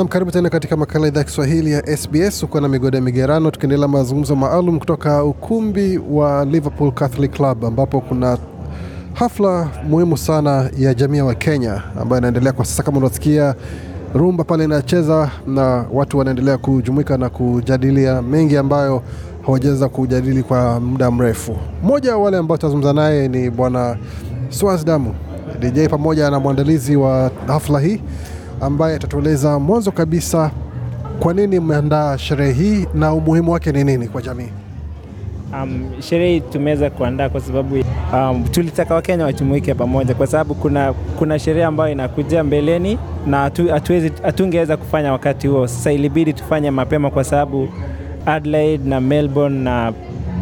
Nam, karibu tena katika makala idhaa ya Kiswahili ya SBS ukuwa na migodo ya migerano, tukiendelea mazungumzo maalum kutoka ukumbi wa Liverpool Catholic Club ambapo kuna hafla muhimu sana ya jamii ya kenya ambayo inaendelea kwa sasa. Kama unasikia rumba pale inacheza na watu wanaendelea kujumuika na kujadilia mengi ambayo hawajaweza kujadili kwa muda mrefu. Mmoja wa wale ambao tutazungumza naye ni Bwana Swasdamu DJ pamoja na mwandalizi wa hafla hii ambaye atatueleza mwanzo kabisa kwa nini mmeandaa sherehe hii na umuhimu wake ni nini kwa jamii. Um, sherehe hii tumeweza kuandaa kwa sababu um, tulitaka Wakenya wajumuike pamoja kwa sababu kuna, kuna sherehe ambayo inakuja mbeleni na hatungeweza kufanya wakati huo. Sasa ilibidi tufanye mapema kwa sababu Adelaide na Melbourne na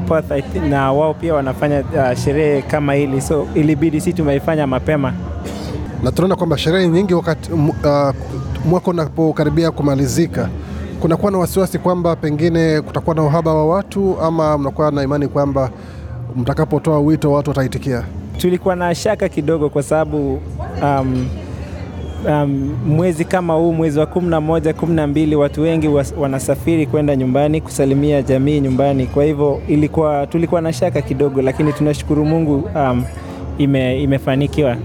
Perth na wao pia wanafanya uh, sherehe kama hili, so ilibidi si tumeifanya mapema na tunaona kwamba sherehe nyingi wakati uh, mwaka unapokaribia kumalizika kunakuwa na wasiwasi kwamba pengine kutakuwa na uhaba wa watu, ama mnakuwa na imani kwamba mtakapotoa wito watu wataitikia? Tulikuwa na shaka kidogo kwa sababu um, um, mwezi kama huu, mwezi wa kumi na moja, kumi na mbili, watu wengi wanasafiri kwenda nyumbani kusalimia jamii nyumbani. Kwa hivyo ilikuwa tulikuwa na shaka kidogo, lakini tunashukuru Mungu um, ime, imefanikiwa.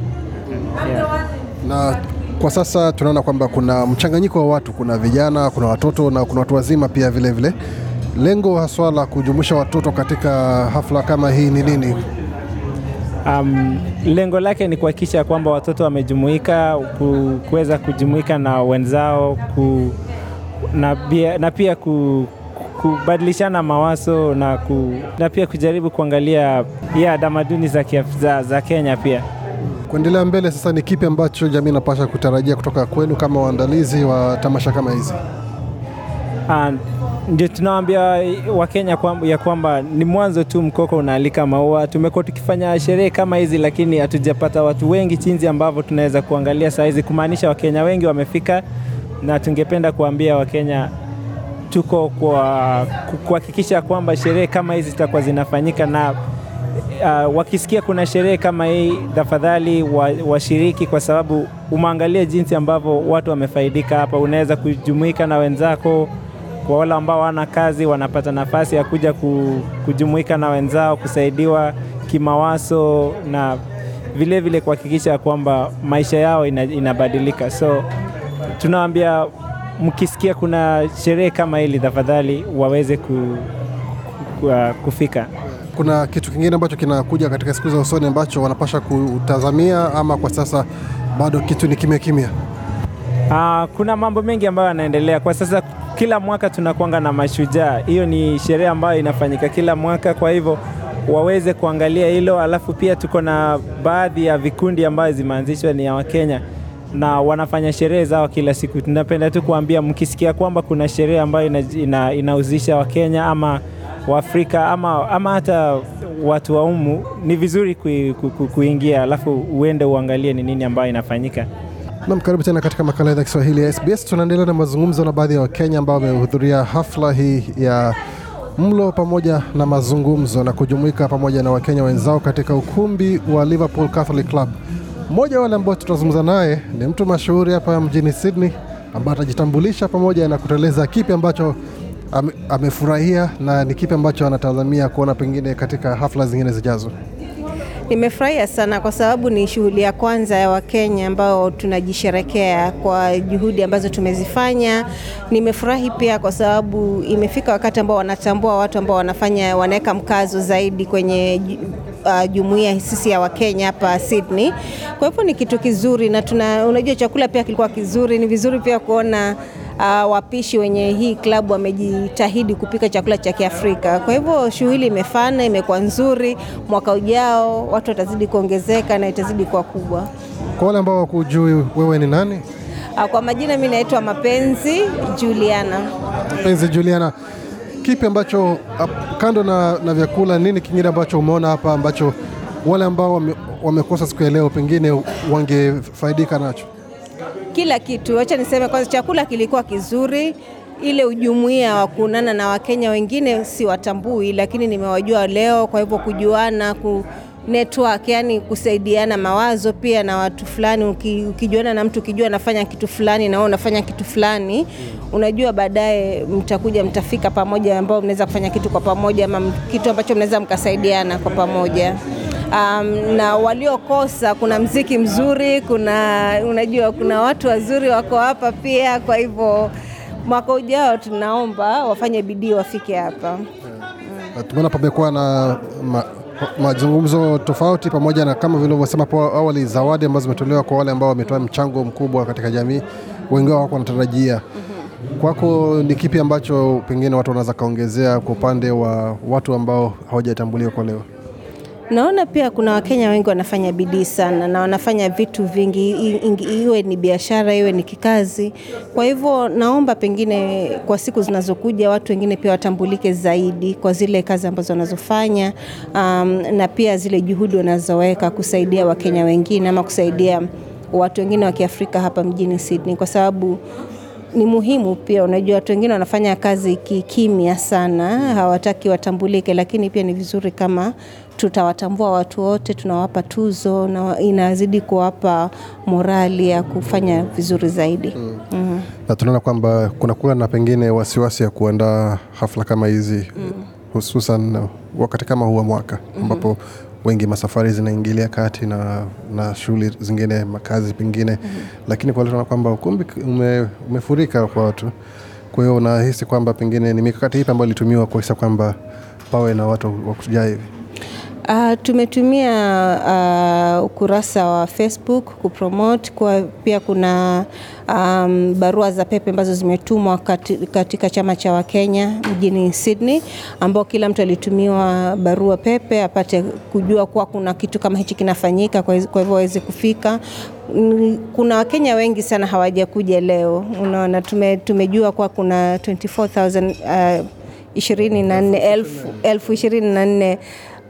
Na kwa sasa tunaona kwamba kuna mchanganyiko wa watu, kuna vijana, kuna watoto na kuna watu wazima pia vilevile vile. Lengo haswa la kujumuisha watoto katika hafla kama hii ni nini? Um, lengo lake ni kuhakikisha kwamba watoto wamejumuika kuweza kujumuika na wenzao ku, na, bia, na pia ku, kubadilishana mawazo na, ku, na pia kujaribu kuangalia ya tamaduni za, za, za Kenya pia. Kuendelea mbele sasa, ni kipi ambacho jamii inapasha kutarajia kutoka kwenu kama waandalizi wa tamasha kama hizi? Ah, ndio tunawaambia Wakenya kwamba, ya kwamba ni mwanzo tu, mkoko unaalika maua. Tumekuwa tukifanya sherehe kama hizi, lakini hatujapata watu wengi chinzi ambavyo tunaweza kuangalia saa hizi, kumaanisha Wakenya wengi wamefika, na tungependa kuambia Wakenya tuko kwa kuhakikisha kwamba sherehe kama hizi zitakuwa zinafanyika na Eh, uh, wakisikia kuna sherehe kama hii, tafadhali washiriki wa kwa sababu umeangalia jinsi ambavyo watu wamefaidika hapa. Unaweza kujumuika na wenzako, kwa wale ambao wana kazi wanapata nafasi ya kuja kujumuika na wenzao, kusaidiwa kimawazo na vile vile kuhakikisha kwamba maisha yao inabadilika. So tunawaambia mkisikia kuna sherehe kama hili, tafadhali waweze ku, ku, ku, uh, kufika kuna kitu kingine ambacho kinakuja katika siku za usoni ambacho wanapasha kutazamia, ama kwa sasa bado kitu ni kimya kimya? Uh, kuna mambo mengi ambayo yanaendelea kwa sasa. Kila mwaka tunakuanga na mashujaa, hiyo ni sherehe ambayo inafanyika kila mwaka, kwa hivyo waweze kuangalia hilo. Alafu pia tuko na baadhi ya vikundi ambayo zimeanzishwa ni ya Wakenya na wanafanya sherehe zao kila siku. Tunapenda tu kuambia mkisikia kwamba kuna sherehe ambayo inahusisha ina, ina Wakenya ama Waafrika ama, ama hata watu wa umu ni vizuri kuingia ku, ku, kuingia alafu uende uangalie ni nini ambayo inafanyika. Nam, karibu tena katika makala ya Kiswahili ya SBS. Tunaendelea na mazungumzo na baadhi ya Wakenya ambao wamehudhuria hafla hii ya mlo pamoja na mazungumzo na kujumuika pamoja na Wakenya wenzao katika ukumbi wa Liverpool Catholic Club. Mmoja wale ambao tutazungumza naye ni mtu mashuhuri hapa mjini Sydney ambaye atajitambulisha pamoja na kuteleza kipi ambacho ame, amefurahia na ni kipi ambacho anatazamia kuona pengine katika hafla zingine zijazo? Nimefurahia sana kwa sababu ni shughuli ya kwanza ya Wakenya ambao tunajisherekea kwa juhudi ambazo tumezifanya. Nimefurahi pia kwa sababu imefika wakati ambao wanatambua watu ambao wanafanya wanaweka mkazo zaidi kwenye uh, jumuiya sisi ya Wakenya hapa Sydney. Kwa hivyo ni kitu kizuri na tuna, unajua chakula pia kilikuwa kizuri. Ni vizuri pia kuona uh, wapishi wenye hii klabu wamejitahidi kupika chakula cha Kiafrika. Kwa hivyo shughuli imefana, imekuwa nzuri. Mwaka ujao watu watazidi kuongezeka na itazidi kuwa kubwa. Kwa wale ambao wakujui, wewe ni nani? Uh, kwa majina mimi naitwa Mapenzi Juliana. Mapenzi Juliana, kipi ambacho ah, kando na, na vyakula, nini kingine ambacho umeona hapa ambacho wale ambao wame, wamekosa siku ya leo pengine wangefaidika nacho? kila kitu. Acha niseme kwanza, chakula kilikuwa kizuri. Ile ujumuia wa kuonana na Wakenya wengine siwatambui, lakini nimewajua leo, kwa hivyo kujuana ku network yani, kusaidiana mawazo pia na watu fulani. Ukijuana na mtu ukijua anafanya kitu fulani na wewe unafanya kitu fulani, unajua baadaye mtakuja mtafika pamoja, ambao mnaweza kufanya kitu kwa pamoja, ama kitu ambacho mnaweza mkasaidiana kwa pamoja um, na waliokosa, kuna mziki mzuri, kuna unajua, kuna watu wazuri wako hapa pia. Kwa hivyo mwaka ujao tunaomba wafanye bidii wafike hapa. Tumeona pamekuwa na ma, mazungumzo tofauti, pamoja na kama vile ulivyosema hapo awali, zawadi ambazo zimetolewa kwa wale ambao wametoa mchango mkubwa katika jamii, wengi wao wako wanatarajia mhm. kwako ni kipi ambacho pengine watu wanaweza kaongezea kwa upande wa watu ambao hawajatambuliwa kwa leo? Naona pia kuna Wakenya wengi wanafanya bidii sana na wanafanya vitu vingi, iwe ni biashara, iwe ni kikazi. Kwa hivyo naomba pengine kwa siku zinazokuja watu wengine pia watambulike zaidi kwa zile kazi ambazo wanazofanya um, na pia zile juhudi wanazoweka kusaidia Wakenya wengine ama kusaidia watu wengine wa Kiafrika hapa mjini Sydney kwa sababu ni muhimu pia. Unajua, watu wengine wanafanya kazi kikimya sana, hawataki watambulike, lakini pia ni vizuri kama tutawatambua watu wote, tunawapa tuzo na inazidi kuwapa morali ya kufanya vizuri zaidi mm. Mm. Na tunaona kwamba kuwa na pengine wasiwasi ya kuandaa hafla kama hizi mm. hususan wakati kama huu wa mwaka mm-hmm. ambapo mm -hmm wengi masafari zinaingilia kati na, na shughuli zingine makazi pengine mm-hmm. Lakini kwa tunaona kwamba ukumbi ume, umefurika kwa watu, kwa hiyo unahisi kwamba pengine ni mikakati ipi ambayo ilitumiwa kuhisa kwamba pawe na watu wa kujaa hivi? Uh, tumetumia uh, ukurasa wa Facebook kupromote kwa, pia kuna um, barua za pepe ambazo zimetumwa katika chama cha Wakenya mjini Sydney, ambao kila mtu alitumiwa barua pepe apate kujua kuwa kuna kitu kama hichi kinafanyika, kwa hivyo waweze kufika. Kuna Wakenya wengi sana hawajakuja leo, unaona tume, tumejua kuwa kuna 24,000 uh, 24,000 elfu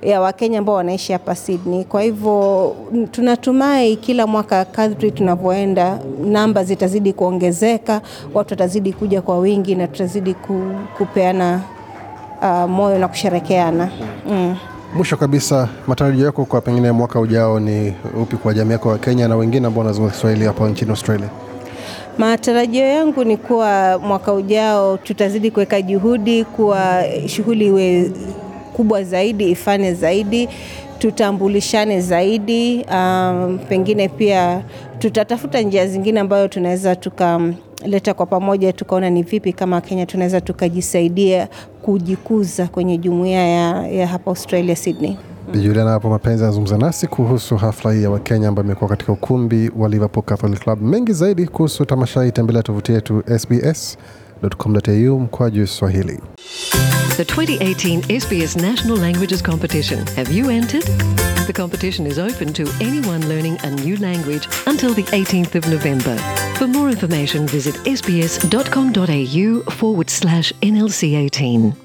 ya Wakenya ambao wanaishi hapa Sydney. Kwa hivyo tunatumai kila mwaka kadri tunavyoenda, namba zitazidi kuongezeka, watu watazidi kuja kwa wingi na tutazidi ku, kupeana uh, moyo na kusherekeana mm. Mwisho kabisa, matarajio yako kwa pengine mwaka ujao ni upi kwa jamii yako wa Kenya na wengine ambao wanazungumza Kiswahili hapa nchini Australia? Matarajio yangu ni kuwa mwaka ujao tutazidi kuweka juhudi kuwa shughuli iwe kubwa zaidi, ifane zaidi, tutambulishane zaidi. Um, pengine pia tutatafuta njia zingine ambayo tunaweza tukaleta kwa pamoja, tukaona ni vipi kama Kenya tunaweza tukajisaidia kujikuza kwenye jumuia ya, ya hapa Australia Sydney. Juliana hapo Mapenzi anazungumza nasi kuhusu hafla hii ya Wakenya ambayo imekuwa katika ukumbi wa Liverpool Catholic Club. Mengi zaidi kuhusu tamasha hii, tembelea tovuti yetu sbs.com.au juu Swahili. the 2018 SBS National Languages Competition. Have you entered? The competition is open to anyone learning a new language until the 18th of November. For more information, visit sbs.com.au forward slash NLC 18.